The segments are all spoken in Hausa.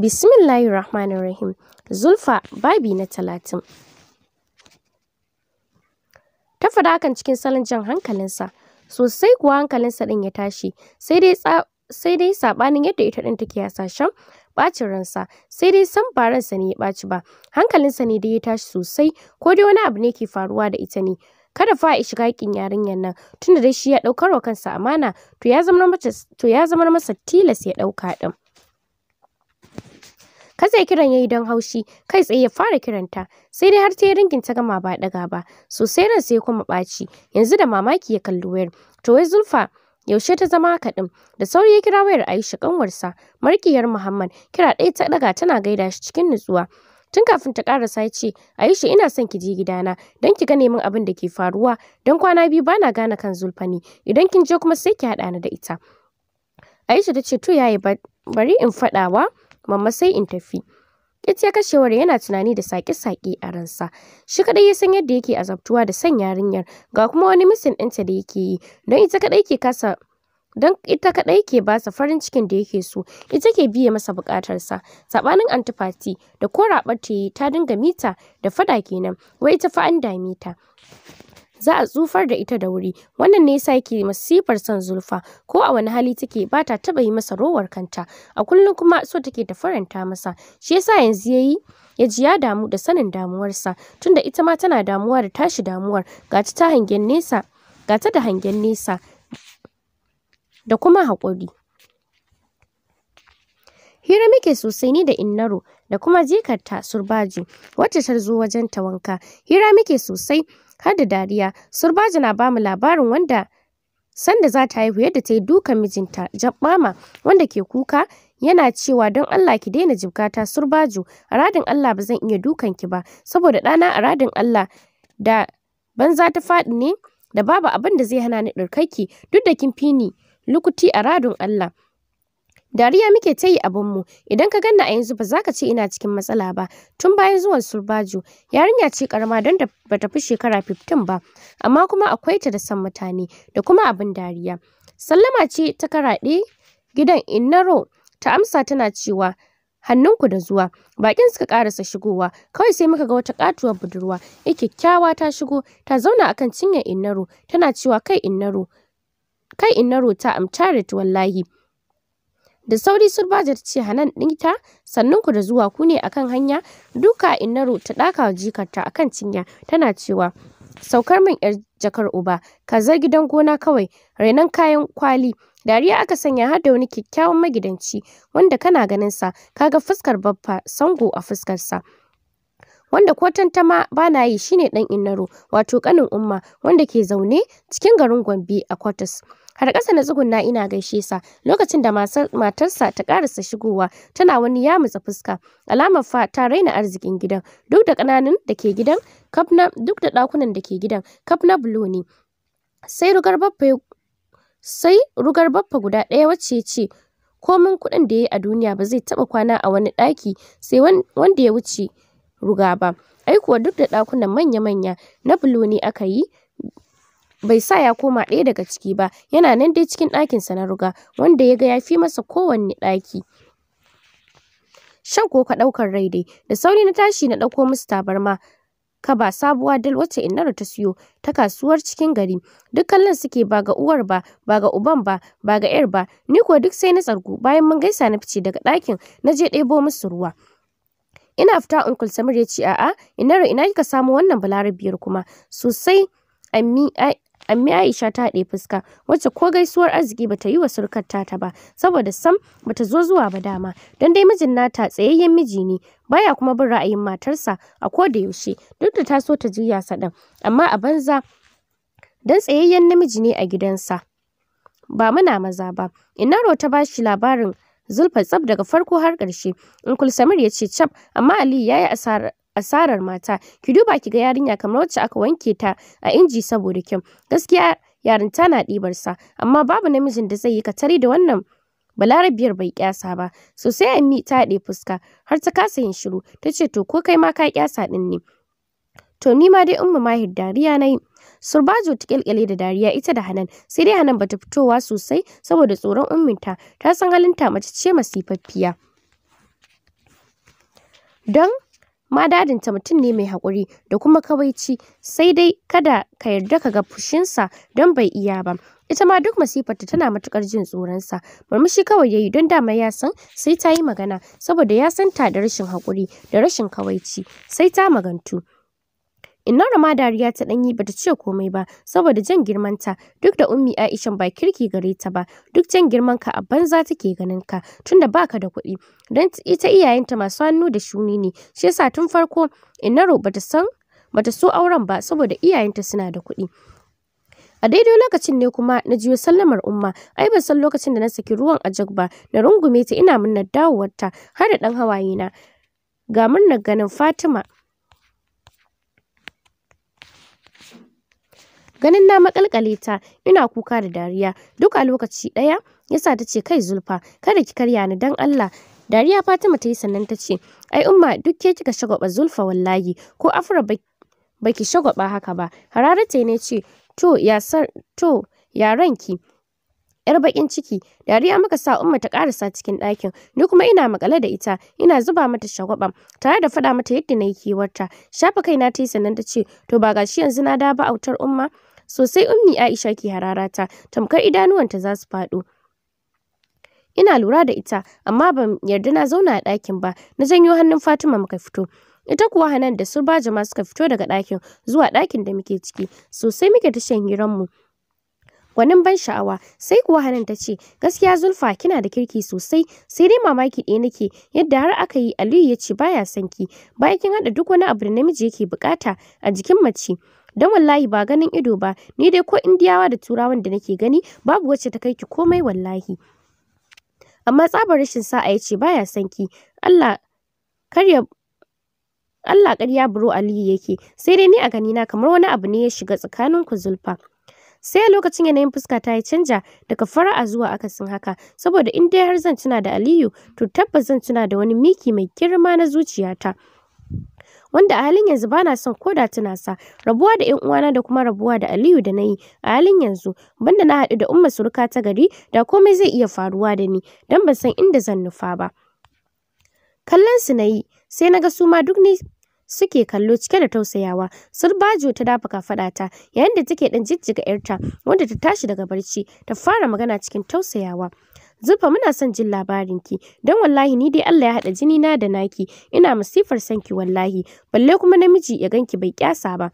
Bismillahirrahmanirrahim. Zulfa babi na talatin. Ta fada hakan cikin salon jan hankalinsa, sosai kuwa hankalinsa ɗin ya tashi, sai dai saɓanin yadda ita ɗin take shan ɓacin ransa sai dai san ba ransa ne ya ɓaci ba hankalinsa ne dai ya tashi sosai ko dai wani abu ne ke faruwa da ita ne kada fa a shiga haƙƙin yarinyar nan tunda dai shi ya ɗaukar wa kansa amana to ya zama masa tilas ya ɗauka ɗin sai kiran yayi don haushi kai tsaye ya fara kiranta sai dai har ta yi ringin ta gama ba daga ba sosai ran sai kuma ɓaci yanzu da mamaki ya kalli wayar to wai zulfa yaushe ta zama haka da sauri ya kira wayar Aisha kanwarsa markiyar Muhammad kira ɗaya ta daga tana gaida shi cikin nutsuwa tun kafin ta karasa ya ce Aisha ina son ki je gidana don ki gane min abin da ke faruwa don kwana biyu bana gane kan zulfa ne idan kin je kuma sai ki haɗa ni da ita Aisha ta ce to yayi bari in faɗawa mamma sai in tafi Kit ya kashewar yana tunani da saƙe-saƙe a ransa. Shi kaɗai ya san yadda yake azabtuwa da san yarinyar, ga kuma wani misin ɗinta da yake yi, don ita kaɗai ke kasa don ita kaɗai ke ba sa farin cikin da yake so ita ke biye masa buƙatarsa saɓanin antifati da ko raɓar ta dinga mita da fada kenan wai ita fa an dame ta za a tsufar da ita da wuri wannan ne yasa yake masifar son zulfa ko a wani hali take ba ta taba yi masa rowar kanta a kullum kuma so take ta faranta masa shi yasa yanzu yayi ya ji ya damu da sanin damuwarsa tunda ita ma tana damuwa da tashi damuwar ga ta hangen nesa gata da hangen nesa da kuma hakuri. hira muke sosai ni da innaro da kuma jikarta surbaji wacce ta zo wajen ta wanka hira muke sosai har da dariya. Surbaji na bamu labarin wanda sanda za ta haihu yadda ta yi dukan mijinta Jabbama wanda ke kuka yana cewa don Allah ki daina jibgata Surbaju a radin Allah ba zan iya dukan ki ba saboda ɗana a radin Allah da ban za ta faɗi ne da babu abin da zai hana ni ɗirkaki duk da kin fi ni lukuti a radin Allah. Dariya muke ta yi abinmu, idan ka ganna a yanzu ba za ka ce ina cikin matsala ba, tun bayan zuwan Surbaju, yarinya ce karama don da ba ta fi shekara 15 ba, amma kuma akwai ta da san mutane da kuma abin dariya. Sallama ce ta karaɗe gidan Innaro ta amsa tana cewa hannunku da zuwa bakin suka karasa shigowa kawai sai muka ga wata katuwar budurwa ya kyakkyawa ta shigo ta zauna akan cinyar innaro tana cewa kai innaro ta innaro ta amtarit wallahi da sauri surbajar ta ce hanan ɗinta sannan ku da zuwa ku ne akan hanya duka inaro ta ɗaka wa jikarta akan cinya tana cewa saukar min yar jakar uba kazar gidan gona kawai renan kayan kwali dariya aka sanya har da wani kyakkyawan magidanci wanda kana ganin sa kaga fuskar babba sango a fuskar sa wanda ko ma ba na yi shine dan innaro wato kanin umma wanda ke zaune cikin garin Gombe a Kwatas har ƙasa na tsuguna ina gaishe sa lokacin da matarsa ta karasa shigowa tana wani yamutsa fuska alamar fa ta raina arzikin gidan duk da ƙananan da ke gidan kafna duk da ɗakunan da ke gidan kafna bulo ne sai rugar baffa sai rugar baffa guda ɗaya wacce ce komin kuɗin da ya yi a duniya ba zai taɓa kwana a wani ɗaki sai wanda ya wuce ruga ba aikuwa duk da ɗakunan manya-manya na bulo ne aka yi bai sa ya koma ɗaya daga ciki ba yana nan dai cikin ɗakin sa na ruga wanda ya ga ya fi masa kowanne ɗaki shan ko ka ɗaukar rai dai da sauri na tashi na ɗauko musu tabarma ka ba sabuwa dal wacce in ta siyo ta kasuwar cikin gari duk kallon suke ba ga uwar ba ba ga uban ba ba ga yar ba ni ko duk sai na tsargu bayan mun gaisa na fice daga ɗakin na je ɗebo musu ruwa ina fita unkul samir ya ce a'a innar ina kika samu wannan balarabiyar kuma sosai amma Aisha ta haɗe fuska wacce ko gaisuwar arziki bata yi wa surkar tata ba saboda sam bata zo zuwa ba dama don dai mijin nata tsayayyen miji ne baya kuma bin ra'ayin matarsa a ko da yaushe duk da ta so ta juya sa ɗin amma a banza don tsayayyen namiji ne a gidansa ba muna maza ba ina rota ta shi labarin zulfa tsab daga farko har ƙarshe in samir ya ce cap amma aliyu ya yi asarar asarar mata ki duba ki ga yarinya kamar wacce aka wanke ta a inji saboda kyau gaskiya yarinta na ɗibar sa amma babu namijin da zai yi katari da wannan balarabiyar bai kyasa ba sosai ammi ta haɗe fuska har ta kasa yin shiru ta ce to ko kai ma ka kyasa ɗin ne to ni ma dai umma mahir dariya na yi surbajo ta kyalkyale da dariya ita da hanan sai dai hanan bata fitowa sosai saboda tsoron umminta ta san halinta mace ce masifaffiya don amma dadinta mutum ne mai haƙuri da kuma kawaici sai dai kada ka yarda ka ga fushinsa don bai iya ba ita ma duk masifarta tana matukar jin tsoronsa murmushi kawai yayi don dama ya san sai ta yi magana saboda ya san ta da rashin haƙuri da rashin kawaici sai ta magantu Innora ma dariya ta ɗan yi bata ce komai ba saboda jan girmanta duk da Ummi aisha ba kirki gare ta ba duk jan girman ka a banza take ganin ka tunda baka da kuɗi dan ita iyayenta masu hannu da shuni ne shi yasa tun farko innaro bata san bata so auren ba saboda iyayenta suna da kuɗi. A daidai lokacin ne kuma na jiyo sallamar umma, ai ban san lokacin da na saki ruwan a jag ba, na rungume ta ina murnar dawowarta har da ɗan hawaye na. Ga murnar ganin Fatima. ganin na makalkale ta ina kuka da dariya duk a lokaci daya yasa ta ce kai zulfa kada ki karya ni dan Allah dariya Fatima ta yi sannan ta ce ai umma duk ke kika shagwaba zulfa wallahi ko afra baki shagwaba haka ba ta ne ce to ya sar to ya ranki yar bakin ciki dariya muka sa umma ta karasa cikin ɗakin ni kuma ina makale da ita ina zuba mata shagwaba tare da faɗa mata yadda na yi kewarta shafa kaina ta yi sannan ta ce to ba gashi yanzu na da ba autar umma sosai ummi Aisha ke hararata tamkar idanuwanta za su faɗo. Ina lura da ita amma ban yarda na zauna a ɗakin ba na janyo hannun Fatima muka fito. Ita kuwa Hanan da su jama suka fito daga ɗakin zuwa ɗakin da muke ciki sosai muke ta shan hiranmu. gwanin ban sha'awa sai kuwa hanan ta ce gaskiya zulfa kina da kirki sosai sai dai mamaki ɗaya nake yadda har aka yi aliyu ya ce baya son ki bayan kin haɗa duk wani abu da namiji yake bukata a jikin mace dan wallahi ba ganin ido ba ni dai ko indiyawa da turawan da nake gani babu wacce ta kai ki komai wallahi amma tsabar rashin sa'a yace baya sanki ki Allah karya Allah ƙarya buro Aliyu yake sai dai ni a ganina kamar wani abu ne ya shiga tsakanin ku zulfa sai a lokacin yanayin fuska ta ya canja daga fara'a zuwa akasin haka saboda in dai har zan tuna da Aliyu to tabbas zan tuna da wani miki mai girma na zuciyata wanda a halin yanzu bana son ko da tuna sa rabuwa da 'yan uwana da kuma rabuwa da Aliyu da nayi a halin yanzu banda na haɗu da umma suruka ta gari da komai zai iya faruwa da ni dan ban san inda zan nufa ba kallon su nayi sai naga su ma duk ni suke kallo cike da tausayawa surbajo ta dafa faɗata yayin da take dan jijjiga yarta wanda ta tashi daga barci ta fara magana cikin tausayawa Zufa muna son jin labarin ki don wallahi ni dai Allah ya haɗa jini na da naki ina masifar son ki wallahi balle kuma namiji ya ganki bai kyasa ba.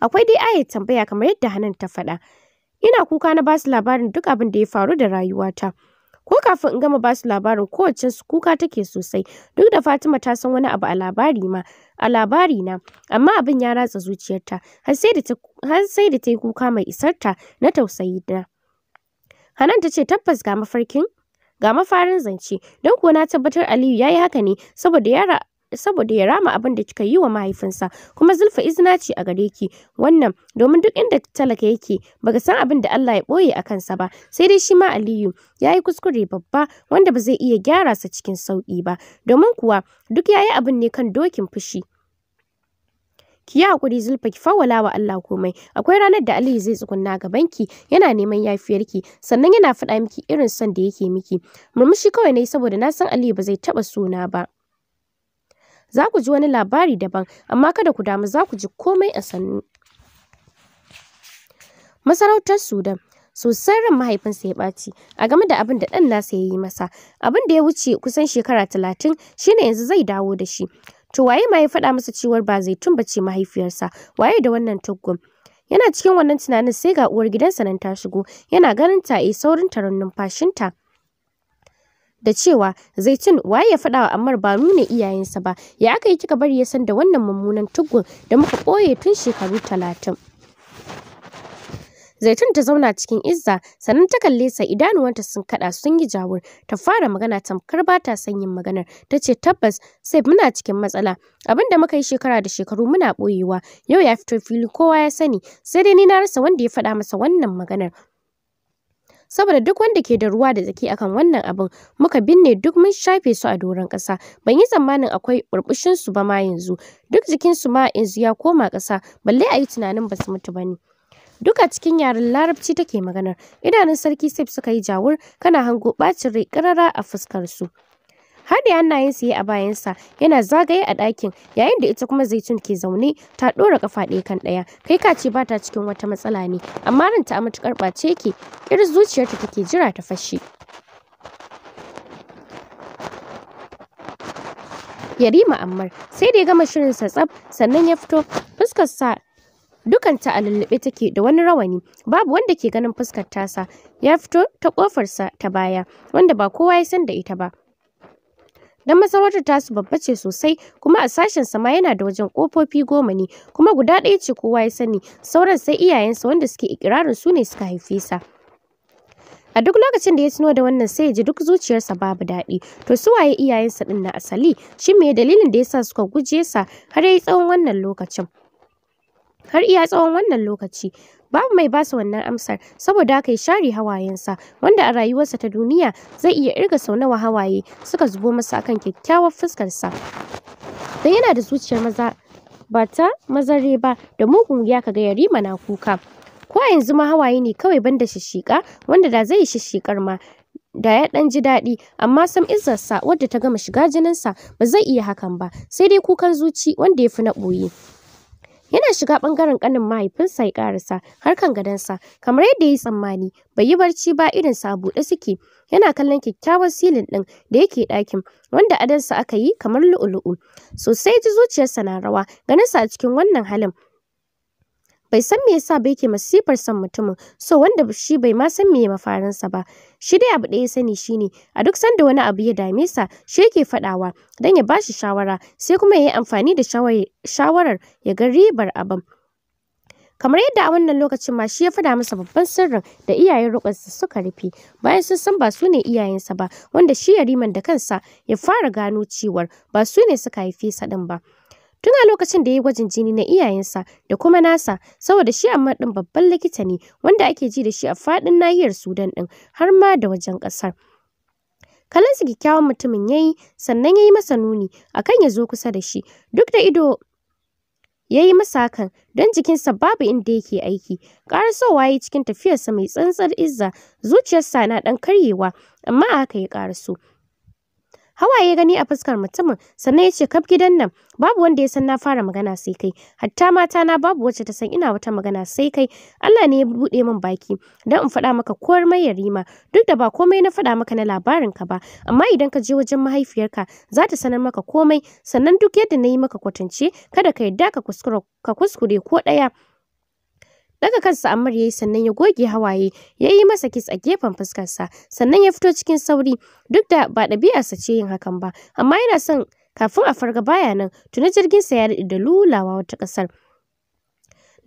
Akwai dai ayat tambaya kamar yadda Hanan ta faɗa. Ina kuka na basu labarin duk abin da ya faru da rayuwata. Ko kafin in gama basu labarin kowace su kuka take sosai duk da Fatima ta san wani abu a labari ma a labari na amma abin ya ratsa zuciyarta har sai da ta yi kuka mai isarta na tausayi na. Hanan ta ce tabbas ga mafarkin ga mafarin zance don kuwa na tabbatar Aliyu ya yi haka ne saboda ya rama abin da kika yi wa mahaifinsa kuma zulfa izina ce a gare ki wannan domin duk inda talaka yake baka san abin da Allah ya boye a kansa ba sai dai shi ma Aliyu ya yi kuskure babba wanda ba zai iya gyara sa cikin sauki ba domin kuwa duk ya yi abin ne kan dokin fushi ki yi hakuri zulfa ki fawwala wa Allah komai akwai ranar da Aliyu zai tsugunna ga banki yana neman yafiyarki sannan yana faɗa miki irin son da yake miki murmushi kawai ne saboda na san Aliyu ba zai taɓa suna ba za ku ji wani labari daban amma kada ku damu za ku ji komai a sannu masarautar sudan sosai ran mahaifinsa ya ɓaci a game da abin da ɗan nasa ya yi masa abin da ya wuce kusan shekara talatin shine yanzu zai dawo da shi To waye ma ya faɗa masa cewar ba zaitun bace mahaifiyarsa? Waye da wannan tuggun? Yana cikin wannan tunanin sai ga uwar gidansa nan ta shigo, yana ganin ta yi saurin taron numfashinta. Da cewa zaitun waye ya faɗawa wa Ammar ba nuna iyayensa ba, ya aka yi kika bari ya san da wannan mummunan tuggun da muka ɓoye tun shekaru talatin. Zaitun ta zauna cikin izza sannan ta kalle sa idanuwanta sun kada sun yi jawur ta fara magana tamkar ba ta son yin maganar ta ce tabbas sai muna cikin matsala abin da muka yi shekara da shekaru muna boyewa yau ya fito fili kowa ya sani sai dai ni na rasa wanda ya faɗa masa wannan maganar saboda duk wanda ke da ruwa da tsaki akan wannan abin muka binne duk mun shafe su a doron ƙasa ban yi tsammanin akwai burbushin su ba ma yanzu duk jikinsu ma yanzu ya koma ƙasa balle a yi tunanin ba su mutu ba ne Duka cikin yaren larabci take maganar idanun sarki sif suka yi jawur kana hango bacin rai karara a fuskar su haɗe hannayensa ya a bayansa yana zagaye a ɗakin yayin da ita kuma zaitun ke zaune ta ɗora kafa ɗaya kan ɗaya kai ka ce bata cikin wata matsala ne amma ranta a matukar ɓace yake irin zuciyarta take jira ta fashe Yarima Ammar sai da ya gama shirin sa tsaf sannan ya fito fuskar sa dukanta a lullube take da wani rawani babu wanda ke ganin fuskar tasa ya fito ta kofarsa ta baya wanda ba kowa ya san da ita ba dan masarautar tasu babba ce sosai kuma a sashen sama yana da wajen kofofi goma ne kuma guda ɗaya ce kowa ya sani sauran sai iyayensa wanda suke ikirarin su ne suka haife sa a duk lokacin da ya tuno da wannan sai ya ji duk zuciyarsa babu daɗi to su waye iyayensa din na asali shi me dalilin da ya sa suka guje sa har ya yi tsawon wannan lokacin har iya tsawon wannan lokaci babu mai su wannan amsar saboda aka yi share hawayensa wanda a rayuwarsa ta duniya zai iya irga sau nawa hawaye suka zubo masa akan kyakkyawar fuskarsa don yana da zuciyar maza ba ta mazare ba da mugun ya kaga yarima na kuka ko a yanzu ma hawaye ne kawai banda shishika wanda da zai shishikar ma da ya dan ji daɗi amma sam sa wadda ta gama shiga jininsa ba zai iya hakan ba sai dai kukan zuci wanda ya fi na ɓoye yana shiga ɓangaren ƙanin mahaifinsa ya karasa harkan gadansa kamar yadda ya yi tsammani bai yi barci ba irin sa buɗe suke yana kallon kyakkyawan silin ɗin da yake ɗakin wanda adansa aka yi kamar lu'ulu'u sosai ji zuciyarsa na rawa ganinsa a cikin wannan halin bai san me yasa ba yake masifar son mutumin so wanda shi bai ma san me ya mafarinsa ba shi dai abu ɗaya sani shine a duk sanda wani abu ya dame sa shi yake fadawa dan ya bashi shawara sai kuma ya yi amfani da shawarar ya ga ribar abin kamar yadda a wannan lokacin ma shi ya fada masa babban sirrin da iyayen rukunsa suka rufe bayan sun san ba su ne iyayensa ba wanda shi yariman da kansa ya fara gano cewar ba su ne suka haife sa din ba Tun a lokacin da ya yi gwajin jini na iyayensa da kuma nasa, saboda shi amma ɗin babban likita ne wanda ake ji da shi a fadin nahiyar Sudan din har ma da wajen ƙasar. Kalansa kyakkyawan mutumin ya yi, sannan ya yi masa nuni akan ya zo kusa da shi, duk da ido ya yi masa hakan don jikinsa babu inda yake aiki karasowa ya yi cikin tafiyarsa mai tsantsar izza zuciyarsa na dan karyewa amma a haka ya so hawaye gani a fuskar mutumin sannan ya ce kaf gidan nan babu wanda ya san na fara magana sai kai hatta mata na babu wacce ta san ina wata magana sai kai Allah ne ya bude min baki dan in faɗa maka kowar mai yarima duk da ba komai na faɗa maka na labarin ka ba amma idan ka je wajen mahaifiyarka za ta sanar maka komai sannan duk yadda na yi maka kwatance kada ka yarda ka kuskure ko ɗaya daga kansa Ammar yayi sannan ya goge hawaye ya yi masa kits a gefen fuskarsa sannan ya fito cikin sauri duk da ba ɗabi'arsa ce yin hakan ba amma yana son kafin a farga bayanan tuna tuni jirginsa ya daɗe da lulawa wata ƙasar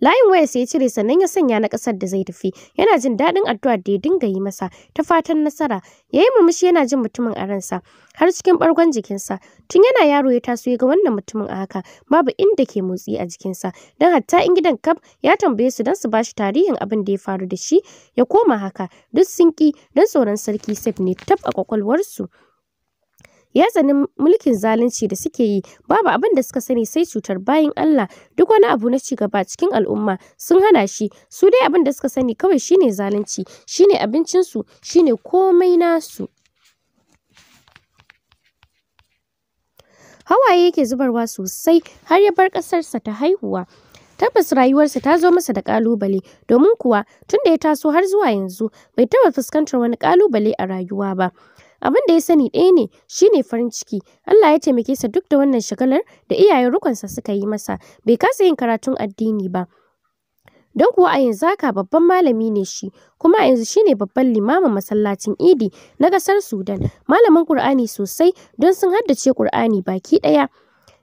layin waya sai ya cire sannan ya sanya na ƙasar da zai tafi yana jin daɗin addu'ar da ya dinga yi masa ta fatan nasara ya yi murmushi yana jin mutumin a ransa har cikin ɓargon jikinsa tun yana yaro ya taso ya ga wannan mutumin a haka babu inda ke motsi a jikinsa don hatta in gidan kaf ya tambaye su don su ba shi tarihin abin da ya faru da shi ya koma haka duk sun ƙi don tsoron sarki sef ne tab a kwakwalwarsu. su ya tsani mulkin zalunci da suke yi babu abin da suka sani sai cutar bayan Allah duk wani abu na cigaba cikin al'umma sun hana shi su dai abin da suka sani kawai shine zalunci shine abincinsu shine komai nasu hawaye yake zubarwa sosai har ya bar ƙasarsa ta haihuwa tabbas rayuwarsa ta zo masa da kalubale domin kuwa tunda ya taso har zuwa yanzu bai taɓa fuskantar wani kalubale a rayuwa ba abin da ya sani ɗaya ne shine farin ciki Allah ya taimake sa duk da wannan shagalar da iyayen rukunsa suka yi masa bai kasa yin karatun addini ba don kuwa a yanzu haka babban malami ne shi kuma a yanzu shine babban limamin masallacin idi na ƙasar sudan malamin qur'ani sosai don sun haddace qur'ani baki ɗaya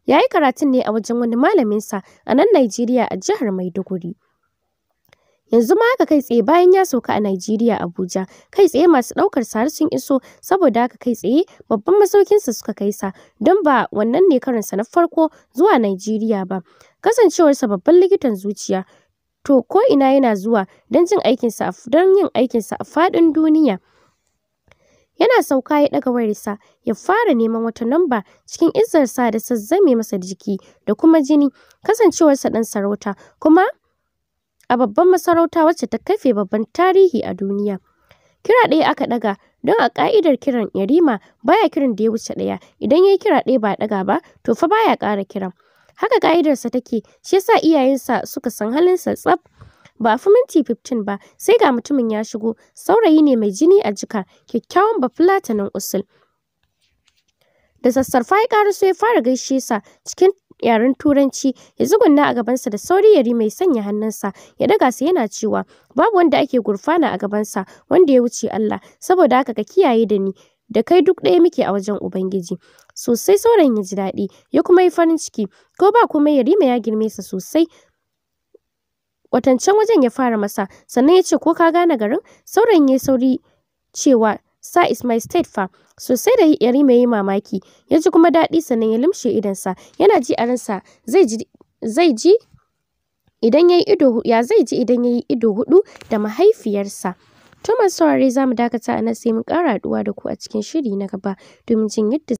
ya yi karatun ne a wajen wani malaminsa a nan najeriya a jihar maiduguri yanzu ma haka kai tsaye bayan ya sauka a Najeriya Abuja kai tsaye masu daukar har sun iso saboda haka kai tsaye babban masaukin sa suka kai sa don ba wannan ne karinsa na farko zuwa Najeriya ba kasancewarsa babban likitan zuciya to ko ina yana zuwa don jin aikinsa don yin aikinsa a faɗin duniya yana sauka ya ɗaga wayarsa ya fara neman wata namba cikin izzarsa da sazzame masa jiki da kuma jini kasancewarsa ɗan sarauta kuma a babban masarauta wacce ta kafe babban tarihi a duniya. Kira ɗaya aka ɗaga don a ƙa'idar kiran yarima baya kiran da ya wuce ɗaya idan ya yi kira ɗaya ba ɗaga ba to fa baya ƙara kiran. Haka ƙa'idarsa take shi ya sa iyayensa suka san halinsa tsaf ba a fi minti 15 ba sai ga mutumin ya shigo saurayi ne mai jini a jika kyakkyawan bafulatanin usul. Da sassarfa ya ƙaruso ya fara gaishe sa cikin yaren turanci ya zugunna a gabansa da sauri yari mai sanya hannunsa ya daga sa yana cewa babu wanda ake gurfana a gabansa wanda ya wuce Allah saboda haka ka kiyaye da ni da kai duk ɗaya muke a wajen Ubangiji. Sosai sauran ya ji daɗi, ya kuma yi farin ciki, ko ba kuma mai ya girme sa sosai. Watancan wajen ya fara masa, sannan ya ce ko ka gane garin, sauran ya sauri cewa sa is my state fa sosai da yarima yi mamaki ya ji kuma daɗi sannan ya limshe idonsa yana ji a ransa zai ji zai ji idan ido ya zai ji idan yayi ido hudu da mahaifiyarsa Thomas saurari za mu dakata a nan sai mu kara haɗuwa da ku a cikin shiri na gaba domin jin yadda